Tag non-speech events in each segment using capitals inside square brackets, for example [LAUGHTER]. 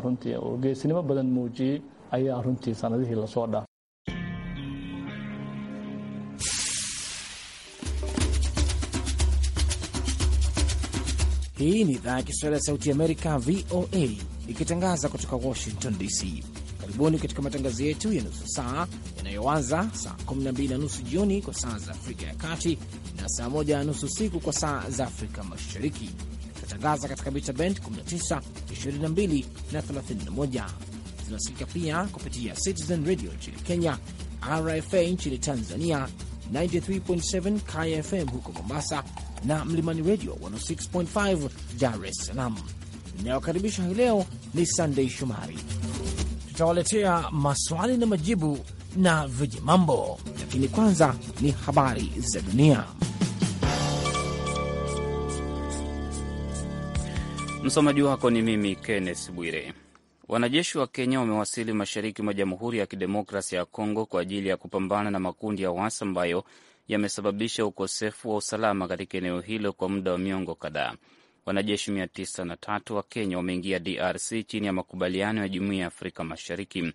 runtii oo geesinimo badan muujiyey ayaa runtii sanadihii lasoo dhaaf Hii ni idhaa ya Kiswahili ya Sauti Amerika, VOA, ikitangaza kutoka Washington DC. Karibuni katika matangazo yetu ya nusu saa yanayoanza saa 12 na nusu jioni kwa saa za Afrika ya Kati na saa 1 na nusu usiku kwa saa za Afrika Mashariki Tunatangaza katika mita bend 19, 22 na 31. Tunasikika pia kupitia Citizen Radio nchini Kenya, RFA nchini Tanzania, 93.7 KFM huko Mombasa na Mlimani Radio 106.5 Dar es Salaam. Inayokaribisha hii leo ni Sandei Shomari. Tutawaletea maswali na majibu na vijimambo, lakini kwanza ni habari za dunia. Msomaji wako ni mimi Kenneth Bwire. Wanajeshi wa Kenya wamewasili mashariki mwa Jamhuri ya Kidemokrasia ya Kongo kwa ajili ya kupambana na makundi ya waasi ambayo yamesababisha ukosefu wa usalama katika eneo hilo kwa muda wa miongo kadhaa. Wanajeshi 903 wa Kenya wameingia DRC chini ya makubaliano ya Jumuiya ya Afrika Mashariki.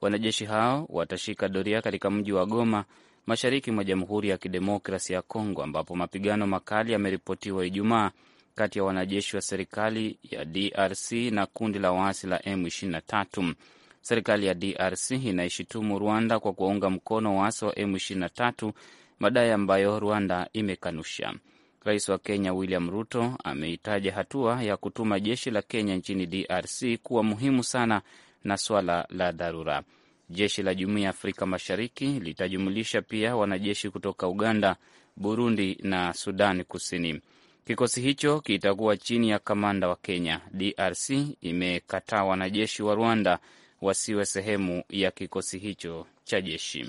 Wanajeshi hao watashika doria katika mji wa Goma, mashariki mwa Jamhuri ya Kidemokrasia ya Kongo, ambapo mapigano makali yameripotiwa Ijumaa kati ya wanajeshi wa serikali ya DRC na kundi la waasi la M23. Serikali ya DRC inaishutumu Rwanda kwa kuwaunga mkono waasi wa M23, madai ambayo Rwanda imekanusha. Rais wa Kenya William Ruto ameitaja hatua ya kutuma jeshi la Kenya nchini DRC kuwa muhimu sana na swala la dharura. Jeshi la Jumuiya ya Afrika Mashariki litajumulisha pia wanajeshi kutoka Uganda, Burundi na Sudani Kusini. Kikosi hicho kitakuwa chini ya kamanda wa Kenya. DRC imekataa wanajeshi wa Rwanda wasiwe sehemu ya kikosi hicho cha jeshi.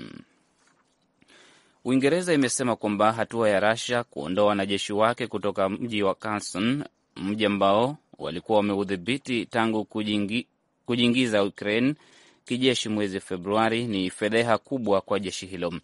Uingereza imesema kwamba hatua ya Russia kuondoa wanajeshi wake kutoka mji wa Kherson, mji ambao walikuwa wameudhibiti tangu kujingi, kujiingiza Ukraine kijeshi mwezi Februari ni fedheha kubwa kwa jeshi hilo.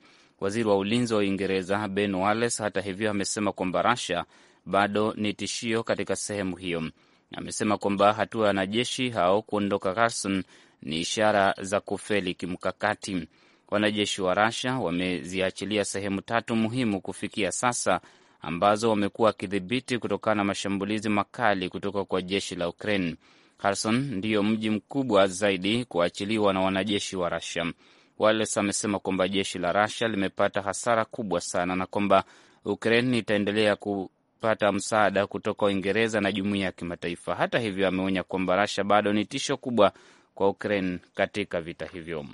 Waziri wa ulinzi wa Uingereza Ben Wallace, hata hivyo, amesema kwamba Russia bado ni tishio katika sehemu hiyo. Amesema kwamba hatua ya wanajeshi hao kuondoka Kherson ni ishara za kufeli kimkakati. Wanajeshi wa Rasha wameziachilia sehemu tatu muhimu kufikia sasa ambazo wamekuwa wakidhibiti kutokana na mashambulizi makali kutoka kwa jeshi la Ukraine. Kherson ndiyo mji mkubwa zaidi kuachiliwa na wanajeshi wa Rasia. Wales amesema kwamba jeshi la Rasia limepata hasara kubwa sana na kwamba Ukraine itaendelea ku pata msaada kutoka Uingereza na jumuiya ya kimataifa. Hata hivyo, ameonya kwamba Rasha bado ni tisho kubwa kwa Ukraine katika vita hivyo.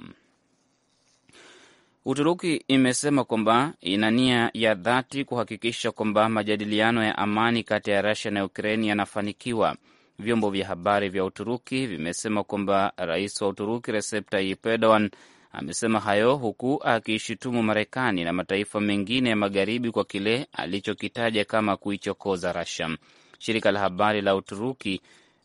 Uturuki imesema kwamba ina nia ya dhati kuhakikisha kwamba majadiliano ya amani kati ya Rasia na ukrain yanafanikiwa. Vyombo vya habari vya Uturuki vimesema kwamba rais wa Uturuki Recep Tayyip Erdogan Amesema hayo huku akiishutumu Marekani na mataifa mengine ya magharibi kwa kile alichokitaja kama kuichokoza rasia Shirika la habari la Uturuki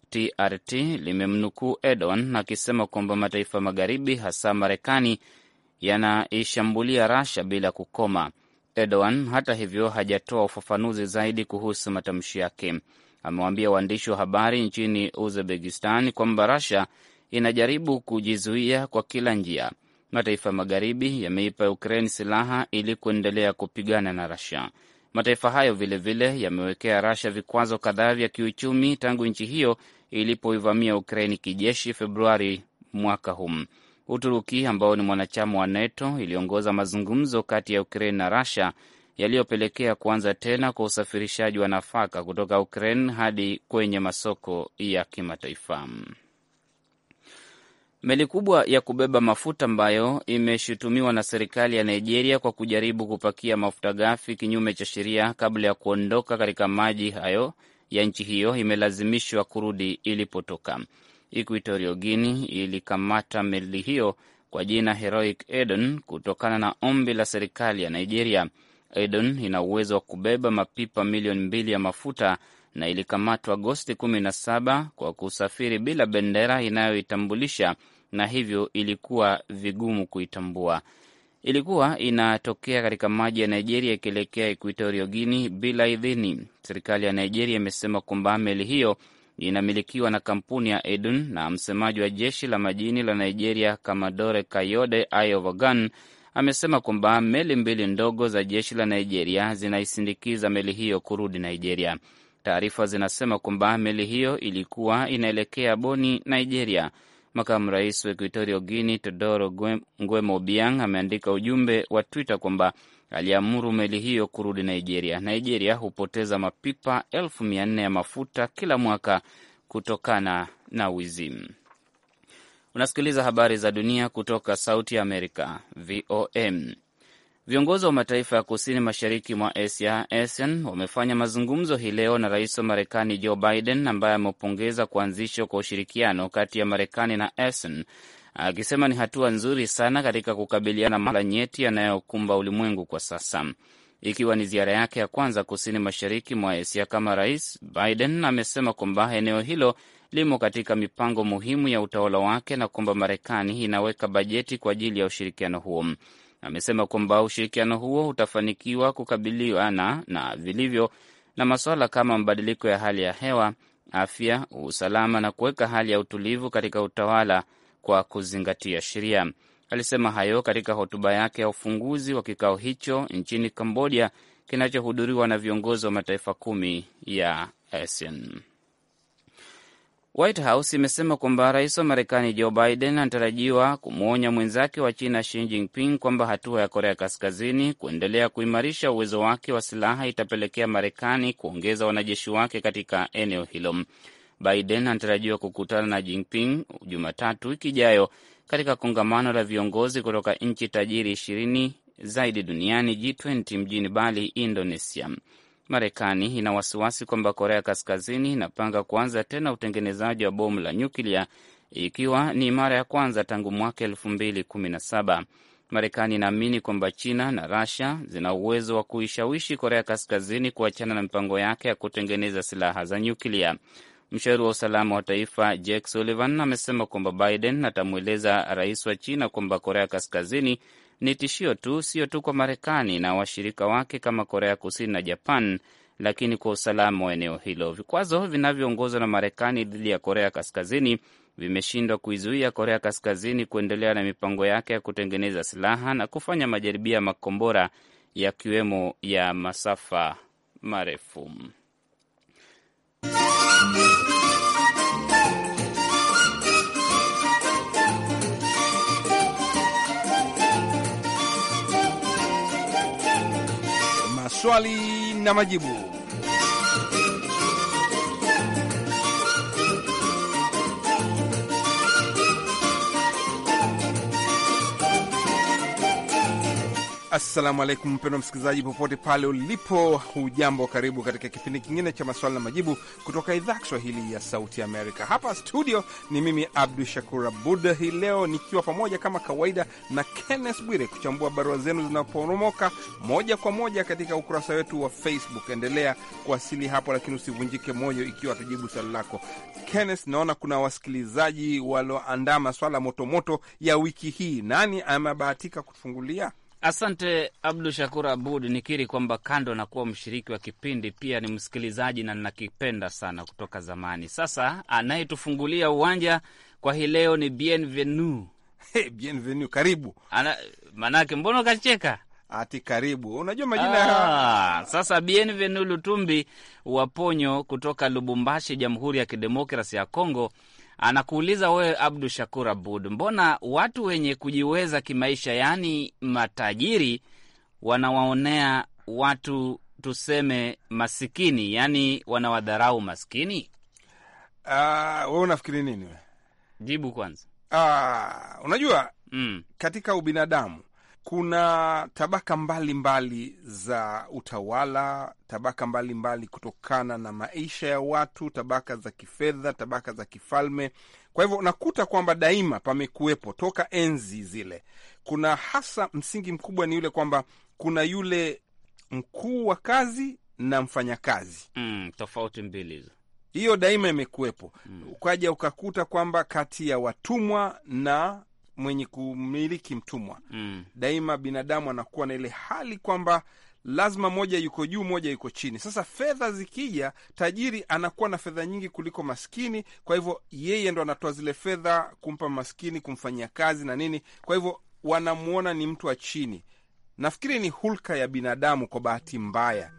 TRT limemnukuu Erdogan akisema kwamba mataifa magharibi hasa Marekani yanaishambulia rasha bila kukoma. Erdogan hata hivyo hajatoa ufafanuzi zaidi kuhusu matamshi yake. Amewaambia waandishi wa habari nchini Uzbekistan kwamba Russia inajaribu kujizuia kwa kila njia mataifa magharibi yameipa Ukraine silaha ili kuendelea kupigana na rasia Mataifa hayo vilevile yamewekea rasha vikwazo kadhaa vya kiuchumi tangu nchi hiyo ilipoivamia Ukraine kijeshi Februari mwaka huu. Uturuki ambao ni mwanachama wa NATO iliongoza mazungumzo kati ya Ukraine na Russia yaliyopelekea kuanza tena kwa usafirishaji wa nafaka kutoka Ukraine hadi kwenye masoko ya kimataifa. Meli kubwa ya kubeba mafuta ambayo imeshutumiwa na serikali ya Nigeria kwa kujaribu kupakia mafuta ghafi kinyume cha sheria kabla ya kuondoka katika maji hayo ya nchi hiyo imelazimishwa kurudi ilipotoka. Equatorial Guinea ilikamata meli hiyo kwa jina Heroic Eden kutokana na ombi la serikali ya Nigeria. Eden ina uwezo wa kubeba mapipa milioni mbili ya mafuta na ilikamatwa Agosti 17 kwa kusafiri bila bendera inayoitambulisha na hivyo ilikuwa vigumu kuitambua. Ilikuwa inatokea katika maji ya Nigeria ikielekea Equatorio Guini bila idhini. Serikali ya Nigeria imesema kwamba meli hiyo inamilikiwa na kampuni ya Edun, na msemaji wa jeshi la majini la Nigeria Kamadore Kayode Iovogan amesema kwamba meli mbili ndogo za jeshi la Nigeria zinaisindikiza meli hiyo kurudi Nigeria. Taarifa zinasema kwamba meli hiyo ilikuwa inaelekea Boni, Nigeria. Makamu rais wa Equatorio Guini Todoro Nguema Obiang ameandika ujumbe wa Twitter kwamba aliamuru meli hiyo kurudi Nigeria. Nigeria hupoteza mapipa elfu mia nne ya mafuta kila mwaka kutokana na wizi. Unasikiliza habari za dunia kutoka Sauti ya Amerika, VOM. Viongozi wa mataifa ya kusini mashariki mwa Asia, ASEAN, wamefanya mazungumzo hii leo na rais wa Marekani Joe Biden, ambaye amepongeza kuanzishwa kwa ushirikiano kati ya Marekani na ASEAN, akisema ni hatua nzuri sana katika kukabiliana na mala nyeti yanayokumba ulimwengu kwa sasa. Ikiwa ni ziara yake ya kwanza kusini mashariki mwa Asia kama rais, Biden amesema kwamba eneo hilo limo katika mipango muhimu ya utawala wake na kwamba Marekani inaweka bajeti kwa ajili ya ushirikiano huo amesema kwamba ushirikiano huo utafanikiwa kukabiliana na vilivyo na masuala kama mabadiliko ya hali ya hewa, afya, usalama na kuweka hali ya utulivu katika utawala kwa kuzingatia sheria. Alisema hayo katika hotuba yake ya ufunguzi wa kikao hicho nchini Kambodia kinachohudhuriwa na viongozi wa mataifa kumi ya ASEAN. White House imesema kwamba rais wa Marekani Joe Biden anatarajiwa kumwonya mwenzake wa China Xi Jinping kwamba hatua ya Korea Kaskazini kuendelea kuimarisha uwezo wake wa silaha itapelekea Marekani kuongeza wanajeshi wake katika eneo hilo. Biden anatarajiwa kukutana na Jinping Jumatatu wiki ijayo katika kongamano la viongozi kutoka nchi tajiri ishirini zaidi duniani G20 mjini Bali, Indonesia. Marekani ina wasiwasi kwamba Korea Kaskazini inapanga kuanza tena utengenezaji wa bomu la nyuklia ikiwa ni mara ya kwanza tangu mwaka elfu mbili kumi na saba. Marekani inaamini kwamba China na Rasia zina uwezo wa kuishawishi Korea Kaskazini kuachana na mipango yake ya kutengeneza silaha za nyuklia. Mshauri wa usalama wa taifa Jake Sullivan amesema kwamba Biden atamweleza rais wa China kwamba Korea Kaskazini ni tishio tu, sio tu kwa Marekani na washirika wake kama Korea Kusini na Japan, lakini kwa usalama wa eneo hilo. Vikwazo vinavyoongozwa na Marekani dhidi ya Korea Kaskazini vimeshindwa kuizuia Korea Kaskazini kuendelea na mipango yake ya kutengeneza silaha na kufanya majaribio ya makombora yakiwemo ya masafa marefu. Swali na Majibu. Assalamu alaikum mpendwa msikilizaji, popote pale ulipo, hujambo? Karibu katika kipindi kingine cha maswali na majibu kutoka idhaa ya Kiswahili ya Sauti Amerika. Hapa studio ni mimi Abdu Shakur Abud, hii leo nikiwa pamoja kama kawaida na Kenneth Bwire kuchambua barua zenu zinaporomoka moja kwa moja katika ukurasa wetu wa Facebook. Endelea kuwasili hapo, lakini usivunjike moyo ikiwa atajibu swali lako. Kenneth, naona kuna wasikilizaji walioandaa maswala motomoto ya wiki hii. Nani amebahatika kutufungulia? Asante Abdu Shakur Abud. Nikiri kwamba kando na kuwa mshiriki wa kipindi, pia ni msikilizaji na ninakipenda sana kutoka zamani. Sasa anayetufungulia uwanja kwa hii leo ni Bienvenu. Hey, Bienvenu, karibu. Ana, manake mbona ukacheka? Ati karibu, unajua majina ah, sasa Bienvenu Lutumbi Waponyo kutoka Lubumbashi, Jamhuri ya Kidemokrasi ya Kongo anakuuliza wewe Abdu Shakur Abud, mbona watu wenye kujiweza kimaisha, yaani matajiri, wanawaonea watu tuseme masikini, yaani wanawadharau maskini? Uh, ah, we unafikiri nini Jibu kwanza. Uh, unajua mm. katika ubinadamu kuna tabaka mbalimbali mbali za utawala, tabaka mbalimbali mbali kutokana na maisha ya watu, tabaka za kifedha, tabaka za kifalme. Kwa hivyo unakuta kwamba daima pamekuwepo toka enzi zile. Kuna hasa msingi mkubwa ni yule kwamba kuna yule mkuu wa kazi na mfanyakazi. Mm, tofauti mbili hizo hiyo daima imekuwepo. Mm. Ukaja ukakuta kwamba kati ya watumwa na mwenye kumiliki mtumwa mm. Daima binadamu anakuwa na ile hali kwamba lazima moja yuko juu, moja yuko chini. Sasa fedha zikija, tajiri anakuwa na fedha nyingi kuliko maskini, kwa hivyo yeye ndo anatoa zile fedha kumpa maskini, kumfanyia kazi na nini, kwa hivyo wanamwona ni mtu wa chini. Nafikiri ni hulka ya binadamu. Kwa bahati mbaya,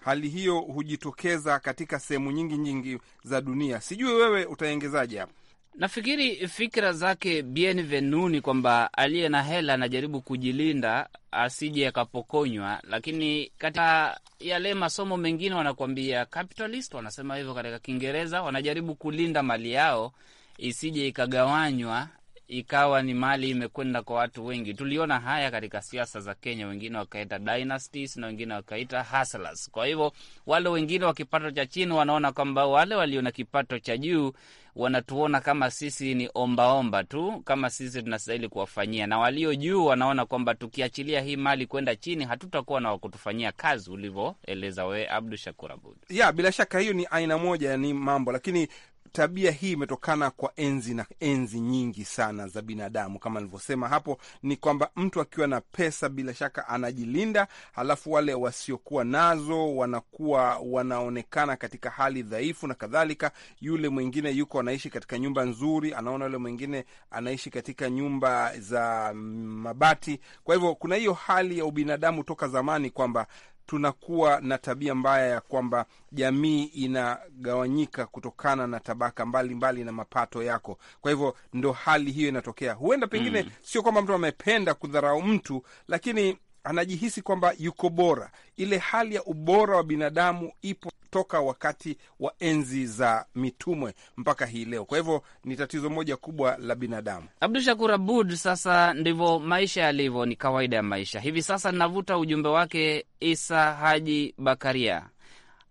hali hiyo hujitokeza katika sehemu nyingi nyingi za dunia. Sijui wewe utaengezaje hapo? Nafikiri fikira zake Bienvenu ni kwamba aliye na hela anajaribu kujilinda asije akapokonywa, lakini katika yale masomo mengine wanakuambia capitalist, wanasema hivyo katika Kiingereza, wanajaribu kulinda mali yao isije ikagawanywa ikawa ni mali imekwenda kwa watu wengi. Tuliona haya katika siasa za Kenya, wengine wakaita dynasties na wengine wakaita hustlers. Kwa hivyo wale wengine wa kipato cha chini wanaona kwamba wale walio na kipato cha juu wanatuona kama sisi ni ombaomba tu, kama sisi tunastahili kuwafanyia, na walio juu wanaona kwamba tukiachilia hii mali kwenda chini hatutakuwa na wakutufanyia kazi, ulivyoeleza wewe Abdu Shakur Abud. Ya, bila shaka hiyo ni aina moja ni mambo, lakini tabia hii imetokana kwa enzi na enzi nyingi sana za binadamu. Kama nilivyosema hapo, ni kwamba mtu akiwa na pesa bila shaka anajilinda, halafu wale wasiokuwa nazo wanakuwa wanaonekana katika hali dhaifu na kadhalika. Yule mwingine yuko anaishi katika nyumba nzuri, anaona yule mwingine anaishi katika nyumba za mabati. Kwa hivyo kuna hiyo hali ya ubinadamu toka zamani kwamba tunakuwa na tabia mbaya ya kwamba jamii inagawanyika kutokana na tabaka mbalimbali mbali na mapato yako. Kwa hivyo ndo hali hiyo inatokea. Huenda pengine mm, sio kwamba mtu amependa kudharau mtu, lakini anajihisi kwamba yuko bora. Ile hali ya ubora wa binadamu ipo toka wakati wa enzi za mitumwe mpaka hii leo. Kwa hivyo ni tatizo moja kubwa la binadamu. Abdu Shakur Abud, sasa ndivyo maisha yalivyo, ni kawaida ya maisha. Hivi sasa ninavuta ujumbe wake Isa Haji Bakaria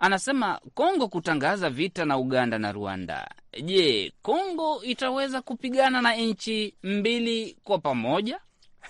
anasema Kongo kutangaza vita na Uganda na Rwanda. Je, Kongo itaweza kupigana na nchi mbili kwa pamoja?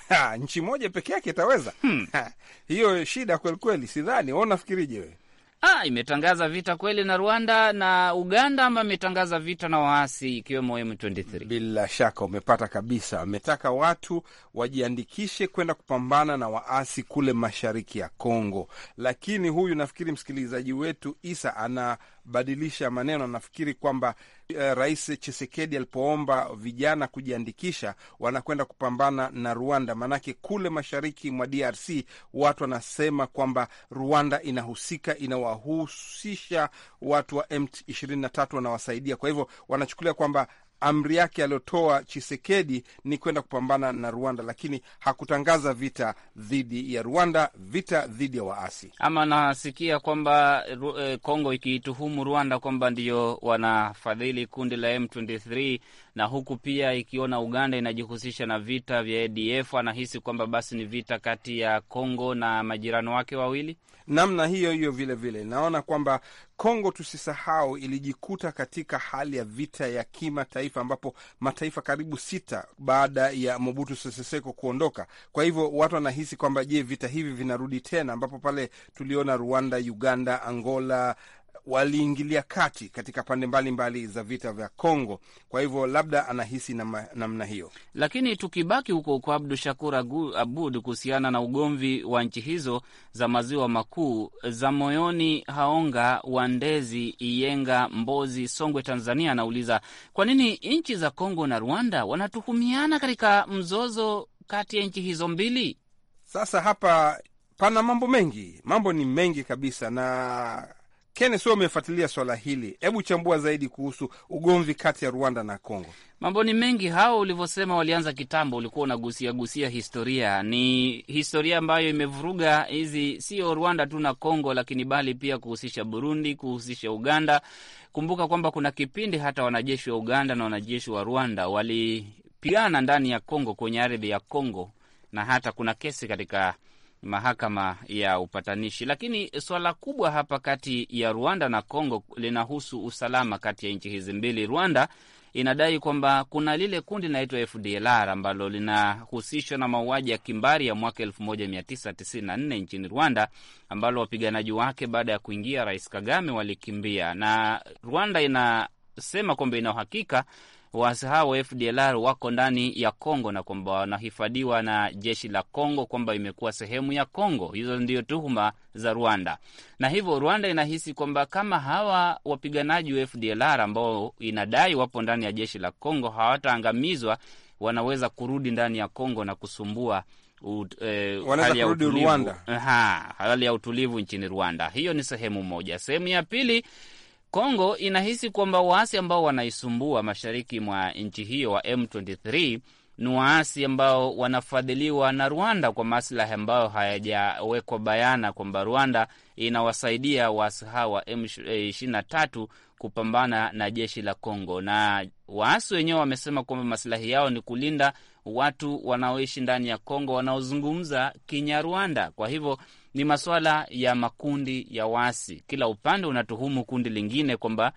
Ha, nchi moja peke yake itaweza? hmm. Ha, hiyo shida kwelikweli, sidhani. Wewe unafikirije wewe? Ah, imetangaza vita kweli na Rwanda na Uganda, ama imetangaza vita na waasi ikiwemo M23. Bila shaka umepata kabisa. Ametaka watu wajiandikishe kwenda kupambana na waasi kule mashariki ya Kongo, lakini huyu nafikiri msikilizaji wetu Isa ana badilisha maneno. Nafikiri kwamba uh, Rais Chisekedi alipoomba vijana kujiandikisha, wanakwenda kupambana na Rwanda, maanake kule mashariki mwa DRC watu wanasema kwamba Rwanda inahusika, inawahusisha watu wa M23 wanawasaidia. Kwa hivyo wanachukulia kwamba amri yake aliyotoa Chisekedi ni kwenda kupambana na Rwanda, lakini hakutangaza vita dhidi ya Rwanda, vita dhidi ya waasi. Ama nasikia kwamba eh, Kongo ikiituhumu Rwanda kwamba ndio wanafadhili kundi la M23 na huku pia ikiona Uganda inajihusisha na vita vya ADF, anahisi kwamba basi ni vita kati ya Kongo na majirani wake wawili namna hiyo hiyo. Vilevile vile, naona kwamba Kongo tusisahau, ilijikuta katika hali ya vita ya kimataifa ambapo mataifa karibu sita baada ya Mobutu Sese Seko kuondoka. Kwa hivyo watu wanahisi kwamba je, vita hivi vinarudi tena, ambapo pale tuliona Rwanda, Uganda, Angola waliingilia kati katika pande mbalimbali mbali za vita vya Kongo. Kwa hivyo labda anahisi namna na hiyo. Lakini tukibaki huko huko, Abdu Shakur Abud, kuhusiana na ugomvi wa nchi hizo za maziwa makuu za moyoni, Haonga Wandezi Iyenga, Mbozi, Songwe, Tanzania, anauliza kwa nini nchi za Kongo na Rwanda wanatuhumiana katika mzozo kati ya nchi hizo mbili? Sasa hapa pana mambo mengi, mambo ni mengi kabisa na Kennes, wewe umefuatilia swala hili, hebu chambua zaidi kuhusu ugomvi kati ya Rwanda na Congo. Mambo ni mengi, hao ulivyosema walianza kitambo, ulikuwa unagusia gusia historia. Ni historia ambayo imevuruga hizi, sio Rwanda tu na Congo, lakini bali pia kuhusisha Burundi, kuhusisha Uganda. Kumbuka kwamba kuna kipindi hata wanajeshi wa Uganda na wanajeshi wa Rwanda walipigana ndani ya Congo, kwenye ardhi ya Congo, na hata kuna kesi katika mahakama ya upatanishi. Lakini swala kubwa hapa kati ya Rwanda na congo linahusu usalama kati ya nchi hizi mbili. Rwanda inadai kwamba kuna lile kundi linaitwa FDLR ambalo linahusishwa na mauaji ya kimbari ya mwaka 1994 nchini Rwanda, ambalo wapiganaji wake baada ya kuingia Rais Kagame walikimbia, na Rwanda inasema kwamba ina uhakika waasi hao wa FDLR wako ndani ya Kongo na kwamba wanahifadhiwa na jeshi la Kongo, kwamba imekuwa sehemu ya Kongo. Hizo ndio tuhuma za Rwanda, na hivyo Rwanda inahisi kwamba kama hawa wapiganaji wa FDLR ambao inadai wapo ndani ya jeshi la Kongo hawataangamizwa, wanaweza kurudi ndani ya Kongo na kusumbua Ut, eh, hali ya utulivu. Aha, hali ya utulivu nchini Rwanda. Hiyo ni sehemu moja. Sehemu ya pili Kongo inahisi kwamba waasi ambao wanaisumbua mashariki mwa nchi hiyo wa M23 ni waasi ambao wanafadhiliwa na Rwanda kwa maslahi ambayo hayajawekwa bayana kwamba Rwanda inawasaidia waasi hawa wa M23 kupambana na jeshi la Kongo, na waasi wenyewe wamesema kwamba masilahi yao ni kulinda watu wanaoishi ndani ya Kongo wanaozungumza Kinyarwanda. Kwa hivyo ni maswala ya makundi ya wasi. Kila upande unatuhumu kundi lingine kwamba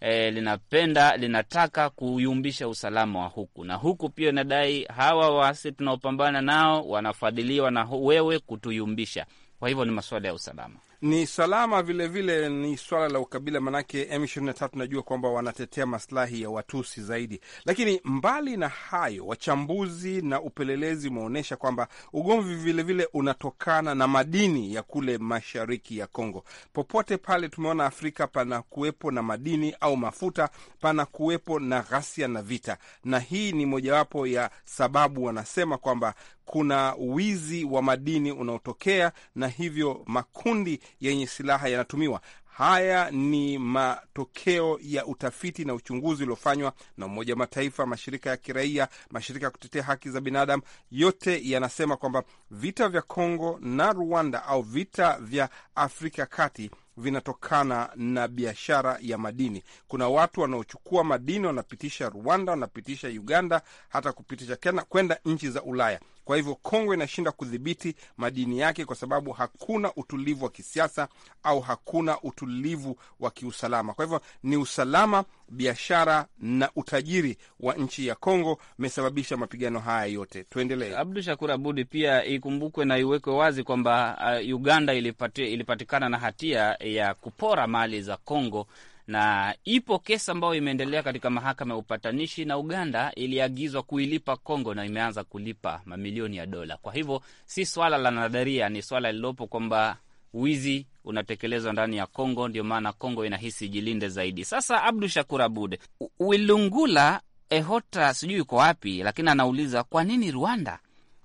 e, linapenda linataka kuyumbisha usalama wa huku na huku, pia inadai hawa wasi tunaopambana nao wanafadhiliwa na wewe kutuyumbisha. Kwa hivyo ni masuala ya usalama ni salama vilevile vile, ni swala la ukabila, manake M23 najua kwamba wanatetea maslahi ya Watusi zaidi. Lakini mbali na hayo, wachambuzi na upelelezi umeonyesha kwamba ugomvi vilevile unatokana na madini ya kule mashariki ya Kongo. Popote pale tumeona Afrika pana kuwepo na madini au mafuta, pana kuwepo na ghasia na vita, na hii ni mojawapo ya sababu wanasema kwamba kuna wizi wa madini unaotokea na hivyo makundi yenye silaha yanatumiwa. Haya ni matokeo ya utafiti na uchunguzi uliofanywa na Umoja wa Mataifa, mashirika ya kiraia, mashirika ya kutetea haki za binadamu. Yote yanasema kwamba vita vya Kongo na Rwanda au vita vya Afrika ya kati vinatokana na biashara ya madini. Kuna watu wanaochukua madini, wanapitisha Rwanda, wanapitisha Uganda, hata kupitisha kwenda nchi za Ulaya. Kwa hivyo Kongo inashindwa kudhibiti madini yake kwa sababu hakuna utulivu wa kisiasa au hakuna utulivu wa kiusalama. Kwa hivyo ni usalama, biashara na utajiri wa nchi ya Kongo imesababisha mapigano haya yote. Tuendelee. Abdu Shakur Abudi, pia ikumbukwe na iwekwe wazi kwamba uh, Uganda ilipati, ilipatikana na hatia ya kupora mali za Kongo na ipo kesi ambayo imeendelea katika mahakama ya upatanishi, na Uganda iliagizwa kuilipa congo na imeanza kulipa mamilioni ya dola. Kwa hivyo si swala la nadharia, ni swala lililopo kwamba wizi unatekelezwa ndani ya congo ndio maana Kongo inahisi jilinde zaidi. Sasa Abdu Shakur Abud Wilungula Ehota sijui uko wapi, lakini anauliza kwa nini Rwanda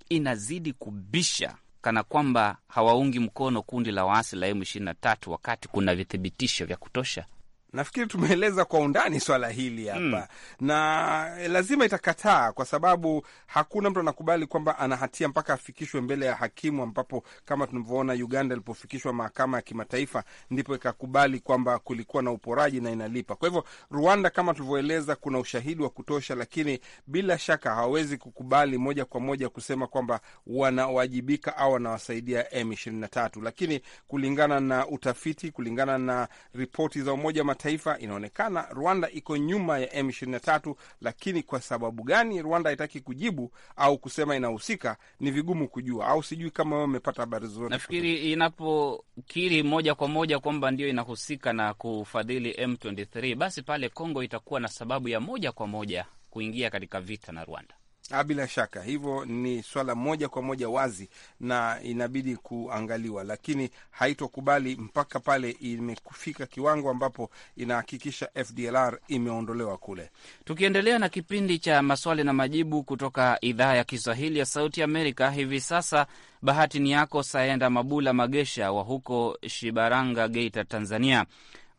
inazidi kubisha kana kwamba hawaungi mkono kundi la waasi la M23 wakati kuna vithibitisho vya kutosha. Nafikiri tumeeleza kwa undani swala hili hapa mm. na eh, lazima itakataa, kwa sababu hakuna mtu anakubali kwamba ana hatia mpaka afikishwe mbele ya hakimu, ambapo kama tunavyoona Uganda ilipofikishwa mahakama ya kimataifa ndipo ikakubali kwamba kulikuwa na uporaji na inalipa. Kwa hivyo, Rwanda kama tulivyoeleza, kuna ushahidi wa kutosha, lakini bila shaka hawawezi kukubali moja kwa moja kusema kwamba wanawajibika au wanawasaidia M23, lakini kulingana na utafiti, kulingana na ripoti za Umoja kimataifa inaonekana Rwanda iko nyuma ya M23, lakini kwa sababu gani Rwanda haitaki kujibu au kusema inahusika ni vigumu kujua, au sijui kama wewe umepata habari zote. Nafikiri inapokiri moja kwa moja kwamba ndio inahusika na kufadhili M23, basi pale Kongo itakuwa na sababu ya moja kwa moja kuingia katika vita na Rwanda. Ah, bila shaka hivyo ni swala moja kwa moja wazi na inabidi kuangaliwa, lakini haitokubali mpaka pale imefika kiwango ambapo inahakikisha FDLR imeondolewa kule. Tukiendelea na kipindi cha maswali na majibu kutoka idhaa ya Kiswahili ya Sauti Amerika, hivi sasa bahati ni yako, Saenda Mabula Magesha wa huko Shibaranga, Geita, Tanzania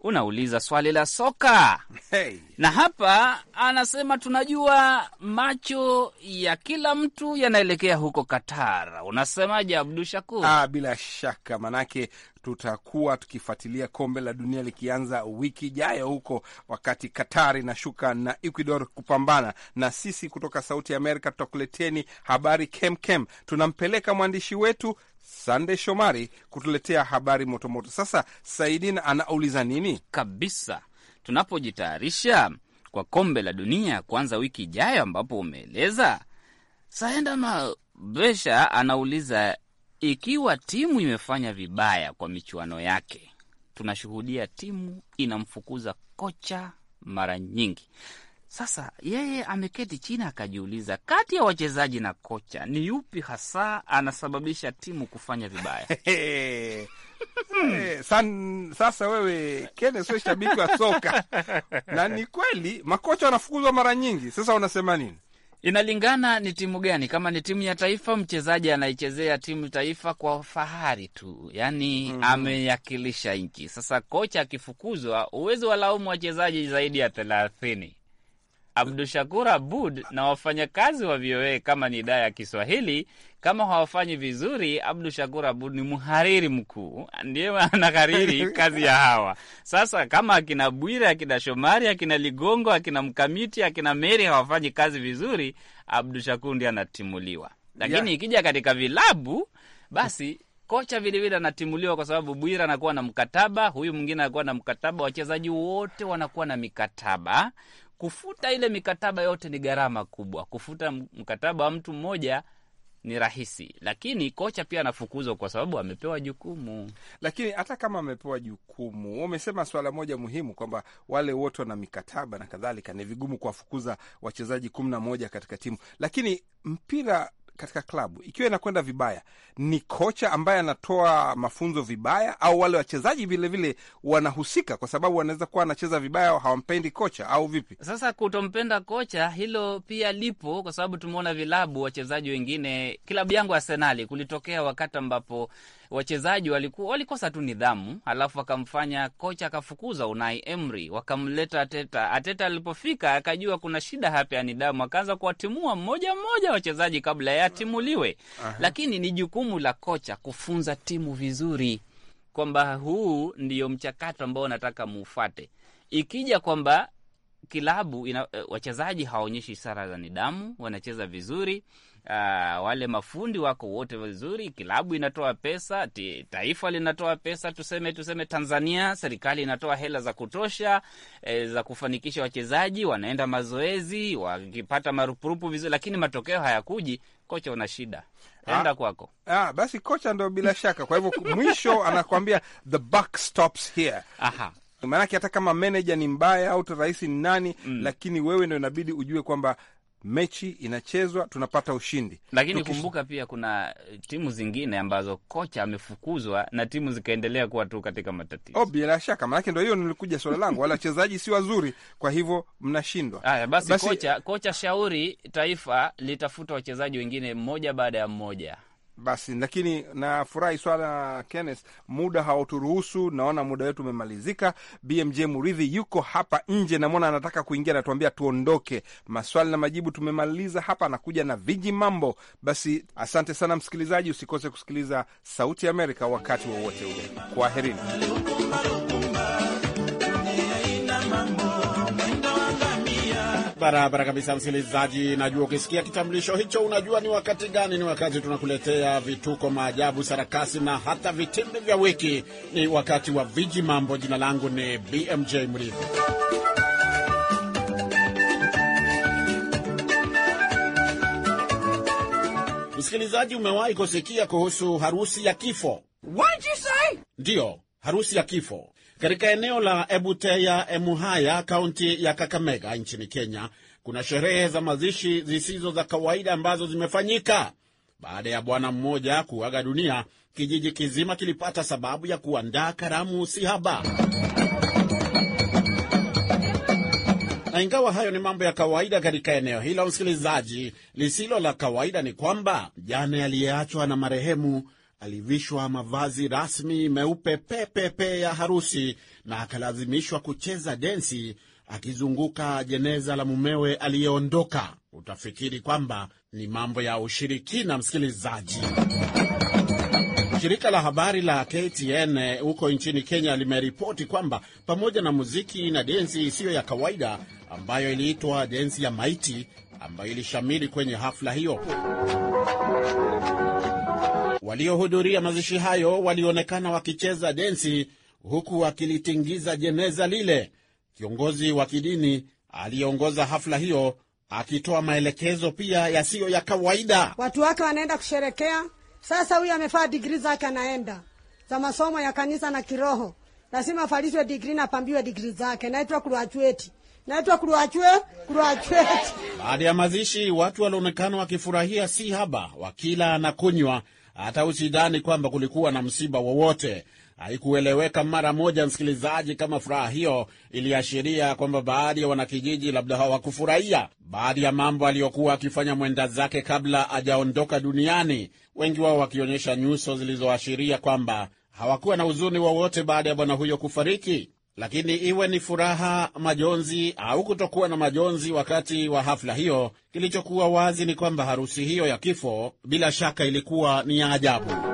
unauliza swali la soka hey. Na hapa anasema tunajua macho ya kila mtu yanaelekea huko Qatar. Unasemaje Abdu Shakur? Ah, bila shaka manake tutakuwa tukifuatilia kombe la dunia likianza wiki ijayo huko, wakati Qatar inashuka na Ecuador kupambana. Na sisi kutoka Sauti ya Amerika tutakuleteni habari kemkem. Tunampeleka mwandishi wetu Sandey Shomari kutuletea habari motomoto. Sasa Saidina anauliza nini kabisa, tunapojitayarisha kwa kombe la dunia kuanza wiki ijayo, ambapo umeeleza Saenda mabesha anauliza ikiwa timu imefanya vibaya kwa michuano yake, tunashuhudia timu inamfukuza kocha mara nyingi. Sasa yeye ameketi chini akajiuliza, kati ya wachezaji na kocha ni yupi hasa anasababisha timu kufanya vibaya? Hmm. [LAUGHS] San, sasa wewe Kenneth, we shabiki wa soka na ni kweli makocha wanafukuzwa mara nyingi. Sasa unasema nini? Inalingana ni timu gani. Kama ni timu ya taifa, mchezaji anaichezea timu taifa kwa fahari tu, yaani mm -hmm. ameyakilisha nchi. Sasa kocha akifukuzwa, uwezi walaumu wachezaji zaidi ya thelathini Abdu Shakur Abud na wafanyakazi wa VOA kama ni idhaa ya Kiswahili. Kama hawafanyi vizuri, Abdu Shakur Abud ni mhariri mkuu, ndiye anahariri [LAUGHS] kazi ya hawa. Sasa kama akina Bwire, akina Shomari, akina Ligongo, akina Mkamiti, akina Meri hawafanyi kazi vizuri, Abdu Shakur ndiye anatimuliwa. Lakini yeah, ikija katika vilabu basi kocha vilevile anatimuliwa kwa sababu Bwira anakuwa na mkataba, huyu mwingine anakuwa na mkataba, wachezaji wote wanakuwa na mikataba kufuta ile mikataba yote ni gharama kubwa. Kufuta mkataba wa mtu mmoja ni rahisi, lakini kocha pia anafukuzwa kwa sababu amepewa jukumu. Lakini hata kama amepewa jukumu, umesema swala moja muhimu kwamba wale wote wana mikataba na kadhalika, ni vigumu kuwafukuza wachezaji kumi na moja katika timu, lakini mpira katika klabu ikiwa inakwenda vibaya, ni kocha ambaye anatoa mafunzo vibaya, au wale wachezaji vilevile wanahusika, kwa sababu wanaweza kuwa anacheza vibaya, hawampendi kocha au vipi? Sasa kutompenda kocha, hilo pia lipo, kwa sababu tumeona vilabu wachezaji wengine. Klabu yangu Arsenali kulitokea wakati ambapo wachezaji walikuwa walikosa tu nidhamu, alafu akamfanya kocha akafukuza Unai Emery, wakamleta Ateta. Ateta alipofika akajua kuna shida hapa ya nidhamu, akaanza kuwatimua mmoja mmoja wachezaji kabla yatimuliwe. Aha. Lakini ni jukumu la kocha kufunza timu vizuri kwamba huu ndiyo mchakato ambao nataka muufate. Ikija kwamba kilabu ina wachezaji hawaonyeshi sara za nidhamu, wanacheza vizuri Aa, ah, wale mafundi wako wote vizuri, kilabu inatoa pesa, taifa linatoa pesa, tuseme tuseme Tanzania serikali inatoa hela za kutosha e, za kufanikisha wachezaji wanaenda mazoezi wakipata marupurupu vizuri, lakini matokeo hayakuji, kocha una shida enda ah, kwako. Ah, basi kocha ndo bila shaka. Kwa hivyo mwisho [LAUGHS] anakuambia the buck stops here. Aha. Maanake hata kama meneja ni mbaya au rais ni nani, mm. lakini wewe ndo inabidi ujue kwamba mechi inachezwa, tunapata ushindi. Lakini Tukis... kumbuka pia kuna eh, timu zingine ambazo kocha amefukuzwa na timu zikaendelea kuwa tu katika matatizo. Oh, bila shaka, maanake ndo hiyo nilikuja swala langu, wala wachezaji si wazuri, kwa hivyo mnashindwa. Aya, basi, basi kocha, kocha shauri taifa litafuta wachezaji wengine mmoja baada ya mmoja basi, lakini nafurahi swala Kenneth, muda hauturuhusu, naona muda wetu umemalizika. BMJ Muridhi yuko hapa nje, namwona anataka kuingia, anatuambia tuondoke. Maswali na majibu tumemaliza hapa, anakuja na viji mambo. Basi asante sana msikilizaji, usikose kusikiliza Sauti ya Amerika wakati wowote ule. Kwaherini. Barabara kabisa, msikilizaji. Najua ukisikia kitambulisho hicho unajua ni wakati gani. Ni wakati tunakuletea vituko, maajabu, sarakasi na hata vitimbi vya wiki. Ni wakati wa viji mambo. Jina langu ni BMJ Mridhi. Msikilizaji, umewahi kusikia kuhusu harusi ya kifo? Ndiyo, harusi ya kifo katika eneo la Ebuteya Emuhaya, kaunti ya Kakamega nchini Kenya, kuna sherehe za mazishi zisizo za kawaida ambazo zimefanyika baada ya bwana mmoja kuaga dunia. Kijiji kizima kilipata sababu ya kuandaa karamu si haba na ingawa hayo ni mambo ya kawaida katika eneo hilo, msikilizaji, lisilo la kawaida ni kwamba jane aliyeachwa na marehemu alivishwa mavazi rasmi meupe pepepe ya harusi na akalazimishwa kucheza densi akizunguka jeneza la mumewe aliyeondoka. Utafikiri kwamba ni mambo ya ushirikina, msikilizaji. Shirika la habari la KTN huko nchini Kenya limeripoti kwamba pamoja na muziki na densi isiyo ya kawaida ambayo iliitwa densi ya maiti ambayo ilishamiri kwenye hafla hiyo Waliohudhuria mazishi hayo walionekana wakicheza densi huku wakilitingiza jeneza lile. Kiongozi wa kidini aliyeongoza hafla hiyo akitoa maelekezo pia yasiyo ya kawaida. Watu wake wanaenda kusherekea. Sasa huyu amefaa digrii zake, anaenda za masomo ya kanisa na kiroho, lazima afalizwe digri na pambiwe digri zake. Naitwa kuruachweti, naitwa kuruachwe, kuruachweti. Baada ya mazishi, watu walionekana wakifurahia si haba, wakila na kunywa hata usidhani kwamba kulikuwa na msiba wowote. Haikueleweka mara moja, msikilizaji, kama furaha hiyo iliashiria kwamba baadhi ya wanakijiji labda hawakufurahia baadhi ya mambo aliyokuwa akifanya mwenda zake kabla ajaondoka duniani, wengi wao wakionyesha nyuso zilizoashiria kwamba hawakuwa na huzuni wowote baada ya bwana huyo kufariki. Lakini iwe ni furaha, majonzi au kutokuwa na majonzi wakati wa hafla hiyo, kilichokuwa wazi ni kwamba harusi hiyo ya kifo bila shaka ilikuwa ni ya ajabu.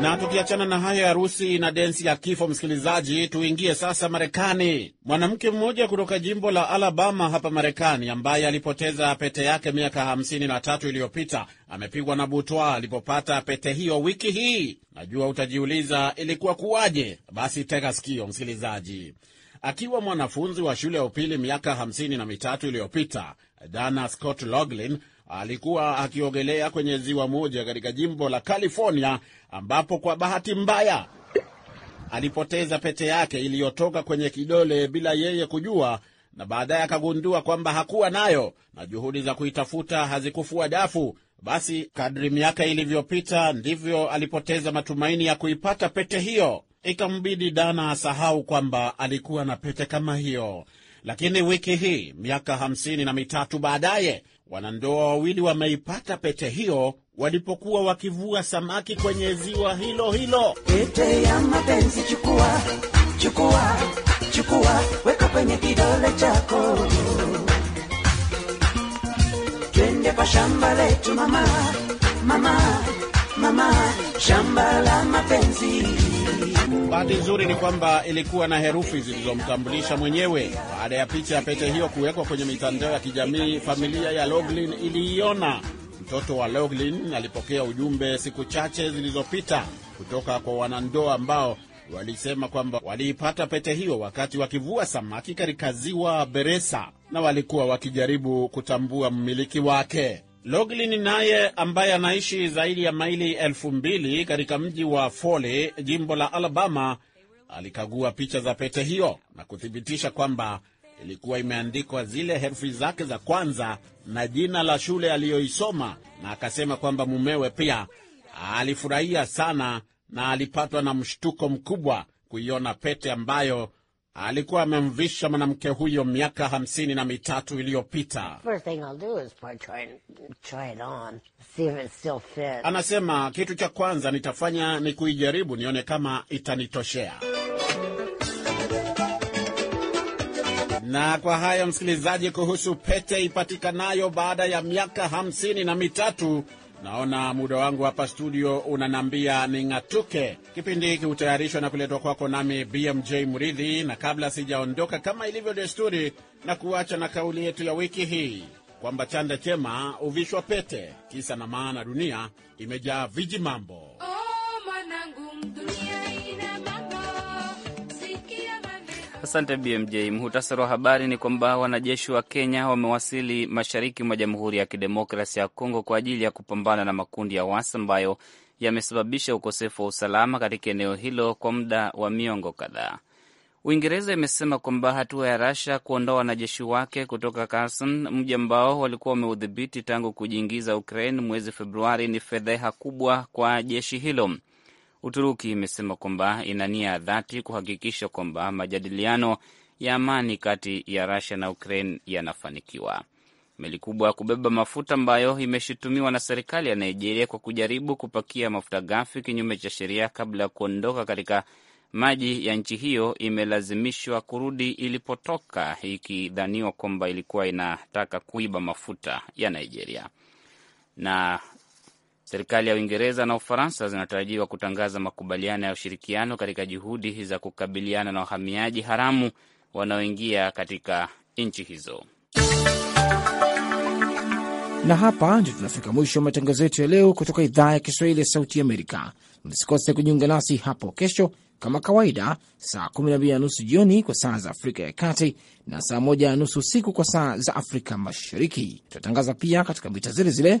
Na tukiachana na hayo ya Rusi na densi ya kifo, msikilizaji, tuingie sasa Marekani. Mwanamke mmoja kutoka jimbo la Alabama hapa Marekani, ambaye alipoteza pete yake miaka hamsini na tatu iliyopita amepigwa na butwa alipopata pete hiyo wiki hii. Najua utajiuliza ilikuwa kuwaje? Basi tega sikio, msikilizaji. Akiwa mwanafunzi wa shule ya upili miaka hamsini na mitatu iliyopita, Dana Scott Loglin alikuwa akiogelea kwenye ziwa moja katika jimbo la California, ambapo kwa bahati mbaya alipoteza pete yake iliyotoka kwenye kidole bila yeye kujua, na baadaye akagundua kwamba hakuwa nayo na juhudi za kuitafuta hazikufua dafu. Basi kadri miaka ilivyopita ndivyo alipoteza matumaini ya kuipata pete hiyo. Ikambidi Dana asahau kwamba alikuwa na pete kama hiyo. Lakini wiki hii, miaka hamsini na mitatu baadaye, Wanandoa wawili wameipata pete hiyo walipokuwa wakivua samaki kwenye ziwa hilo hilo. Pete ya mapenzi, chukua, chukua, chukua, weka kwenye kidole chako, twende kwa shamba letu mama, mama, mama, shamba la mapenzi. Bahati nzuri ni kwamba ilikuwa na herufi zilizomtambulisha mwenyewe. Baada ya picha ya pete hiyo kuwekwa kwenye mitandao ya kijamii, familia ya Loglin iliiona. Mtoto wa Loglin alipokea ujumbe siku chache zilizopita kutoka kwa wanandoa ambao walisema kwamba waliipata pete hiyo wakati wakivua samaki katika ziwa Beresa na walikuwa wakijaribu kutambua mmiliki wake. Loglin naye ambaye anaishi zaidi ya maili elfu mbili katika mji wa Foley, jimbo la Alabama, alikagua picha za pete hiyo na kuthibitisha kwamba ilikuwa imeandikwa zile herufi zake za kwanza na jina la shule aliyoisoma, na akasema kwamba mumewe pia alifurahia sana na alipatwa na mshtuko mkubwa kuiona pete ambayo alikuwa amemvisha mwanamke huyo miaka hamsini na mitatu iliyopita. Anasema kitu cha kwanza nitafanya ni kuijaribu nione kama itanitoshea. Na kwa hayo msikilizaji, kuhusu pete ipatikanayo baada ya miaka hamsini na mitatu Naona muda wangu hapa studio unanambia ning'atuke. Kipindi hiki hutayarishwa na kuletwa kwako nami BMJ Muridhi, na kabla sijaondoka, kama ilivyo desturi, na kuacha na kauli yetu ya wiki hii kwamba chanda chema huvishwa pete. Kisa na maana, dunia imejaa viji mambo. Oh, Asante BMJ. mhutasari wa habari ni kwamba wanajeshi wa Kenya wamewasili mashariki mwa Jamhuri ya Kidemokrasia ya Kongo kwa ajili ya kupambana na makundi ya wasi ambayo yamesababisha ukosefu wa usalama katika eneo hilo kwa muda wa miongo kadhaa. Uingereza imesema kwamba hatua ya Rasha kuondoa wanajeshi wake kutoka Kherson, mji ambao walikuwa wameudhibiti tangu kujiingiza Ukraine mwezi Februari, ni fedheha kubwa kwa jeshi hilo. Uturuki imesema kwamba ina nia ya dhati kuhakikisha kwamba majadiliano ya amani kati ya rasia na Ukraine yanafanikiwa. Meli kubwa ya kubeba mafuta ambayo imeshutumiwa na serikali ya Nigeria kwa kujaribu kupakia mafuta ghafi kinyume cha sheria kabla ya kuondoka katika maji ya nchi hiyo imelazimishwa kurudi ilipotoka, ikidhaniwa kwamba ilikuwa inataka kuiba mafuta ya Nigeria. Na Serikali ya Uingereza na Ufaransa zinatarajiwa kutangaza makubaliano ya ushirikiano katika juhudi za kukabiliana na wahamiaji haramu wanaoingia katika nchi hizo. Na hapa ndio tunafika mwisho wa matangazo yetu ya leo kutoka idhaa ya Kiswahili ya Sauti Amerika. Msikose kujiunga nasi hapo kesho kama kawaida, saa 12 na nusu jioni kwa saa za Afrika ya Kati na saa 1 na nusu usiku kwa saa za Afrika Mashariki. tunatangaza pia katika mita zile zile